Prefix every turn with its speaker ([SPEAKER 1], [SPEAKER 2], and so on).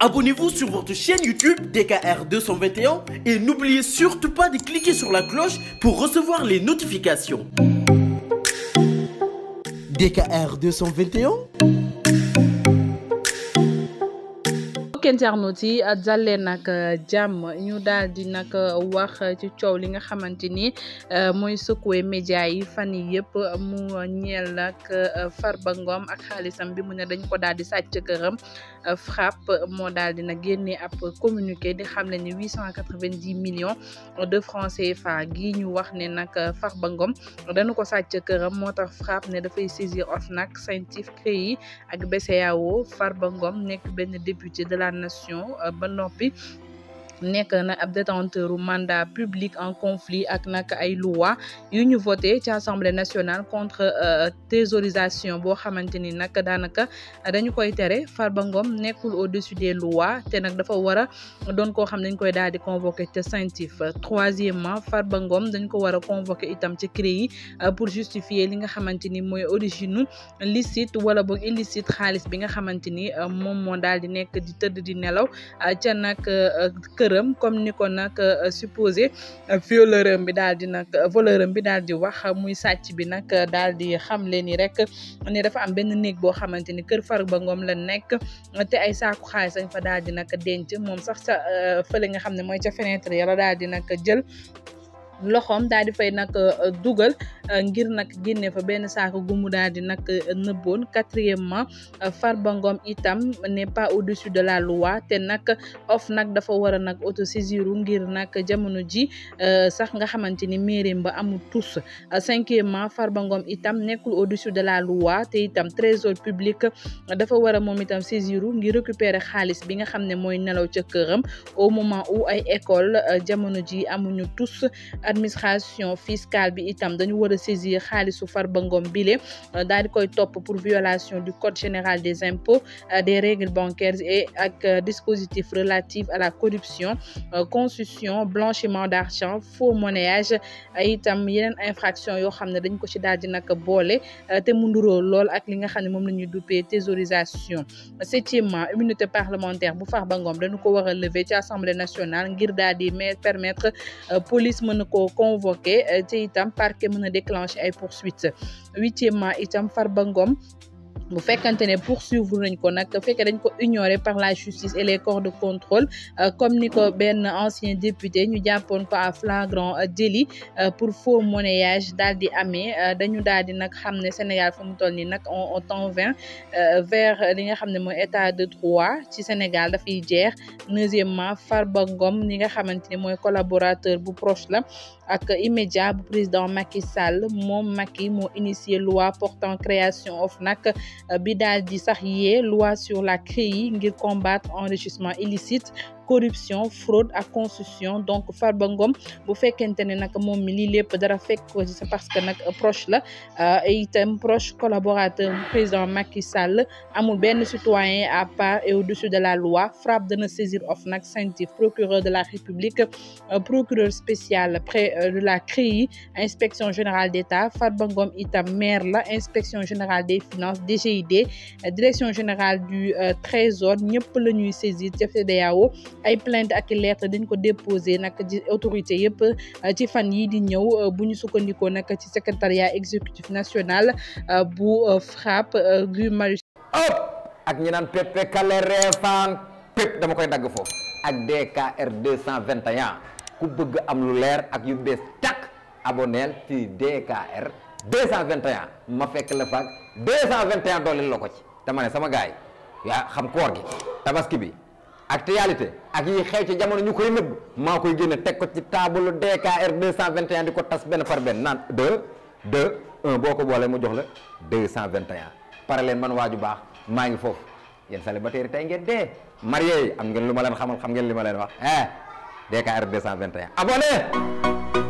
[SPEAKER 1] abonnez-vous sur votre chaîne YouTube dkr et n'oubliez surtout pas de cliquer sur la cloche pour recevoir les notifications.
[SPEAKER 2] DKR221. internautes yi euh, jàmm ñu daal di nag euh, wax euh, ci coow li nga xamante ni mooy secoué média yi fan yi yëpp mu ñeel nag Farba Ngom ak xaalisam bi mu ne dañ ko daal di sàcc këram FRAPP moo dal di nag génnee ab communiqué di xam ne ni huit cent quatre-vingt-dix millions de francs CFA gi ñu wax ne nag ba ngoom dañu ko sàcc këram moo tax FRAPP ne dafay saisir OFNAC CENTIF yi ak far ba ngoom nekk benn député de la nation ba noppi. nekk nag ab détenteur mandat public en conflit ak nag ay loi yu ñu voté ci assemblée nationale contre euh, thésaurisation boo xamante ni nag daanaka dañu koy tere Farba Ngom nekkul au-dessus des lois te nag dafa war a doon koo xam dañ koy daal di convoqué ca Saintif troisièmement Farba Ngom dañ ko war a convoqué itam ci CREI euh, pour justifier li nga xamante ni mooy origine licite wala boog illicite xaalis bi nga xamante ni euh, moom moo daal di nekk di tëdd di nelaw ca këram comme ni ko nag euh, supposé violeur bi daal di nag voleur bi daal di wax muy sàcc bi nag daal di xamle ni rek ni dafa am benn néeg boo xamante ni kër ba Ngom la nekk te ay saaku xaalis sañ fa daal di nag denc moom sax sa euh, fële nga xam ne mooy ca fenêtre ya la daal di nag jël. loxoom daal di fay nag euh, dugal euh, ngir nag génne fa benn saako gumu daal di nag euh, nëbboon quatrièmement Farba Ngom itam n'est pas au de la loi te nag of nag dafa war a nag autosaisir ngir nag jamono ji sax nga xamante ni mairie ba amul tous cinquièmement Farba Ngom itam nekk au de la loi te itam trésor public dafa war a moom itam saisir ngir récupérer xaalis bi nga xam ne mooy nelaw ca këram au moment où ay école jamono ji amuñu tous administration fiscale bi itam dañu war a saisir xaalisu Farba Ngom bile euh, daal di koy topp pour violation du code général des impôts euh, des règles bancaires et ak euh, dispositif relatif à la corruption concussion blanchiment d'argent faux monnayage itam yeneen infraction yoo xam ne dañ ko ci daal di nag boole te mu nduroo lool ak li nga xam ne moom la ñuy duppee thésaurisation septièmement immunité parlementaire bu Farba Ngom dañu ko war a lever ci assemblée ngir na ko convoqué eh, ci itam parquet mën a déclenché ay poursuites huitièmement itam Farba Ngom bu fekkante ne poursuivre nañ ko nag fekkee dañ ko ignoré par la justice et les corps de contrôle euh, comme ni ko benn ancien député ñu jàppoon ko à flagrant euh, délit euh, pour faux monnayage daal di amee dañu daal di nag xam ne Sénégal fu mu toll nii nag on t'en vint vers li nga xam ne mooy état de droit ci Sénégal dafay jeex deuxièmement Farba Ngom ñi nga xamante ne mooy collaborateur bu proche la ak immédiat bu président Macky Sall moom Macky moo initié loi portant création OFNAC bi daal di sax yee loi sur la CREI ngir combattre enrichissement illicite corruption fraude ak constitution donc Farba Ngom bu fekkente ne nag moom mi lii lépp dara fekk ko parce que nag proche la euh, itam proche collaborateur président Macky Sall amul benn citoyen à part et au-dessus de la loi FRAPP dana saisir OFNAC CENTIF procureur de la République euh, procureur spécial près euh, de la CREI inspection générale d'État Farba Ngom itam maire la inspection générale des finances DGID direction générale du trésor ñëpp la ñuy saisir CEDEAO ay plainte ak lettre dañ ko déposé nag ci autorité yëpp euh, ci fan yi di ñëw euh, bu ñu sukkandikoo nag ci secrétariat exécutif nationale euh, bu FRAPP Guy Marius ëpp
[SPEAKER 1] ak ñi naan pepe kale reefaan pép dama koy dagg foofu ak DKR 221 ku bëgg am lu leer ak yu bees tàkk aboneel ci DKR 221 ma fekk la faak 221 dooleel la ko ci dama ne sama gaay yaa xam koor gi tabaski bi ak réalité ak yi xew ci jamono ñu koy nëbb maa koy génne teg ko ci table DKR 221 di ko tas benn par benn naan 2 2 1 boo ko boolee mu jox la vingt 221 pare leen man waaju baax maa ngi foofu yéen célibataire tey ngeen dee marié yi am ngeen lu ma leen xamal xam ngeen li ma leen wax eh DKR 221 abonné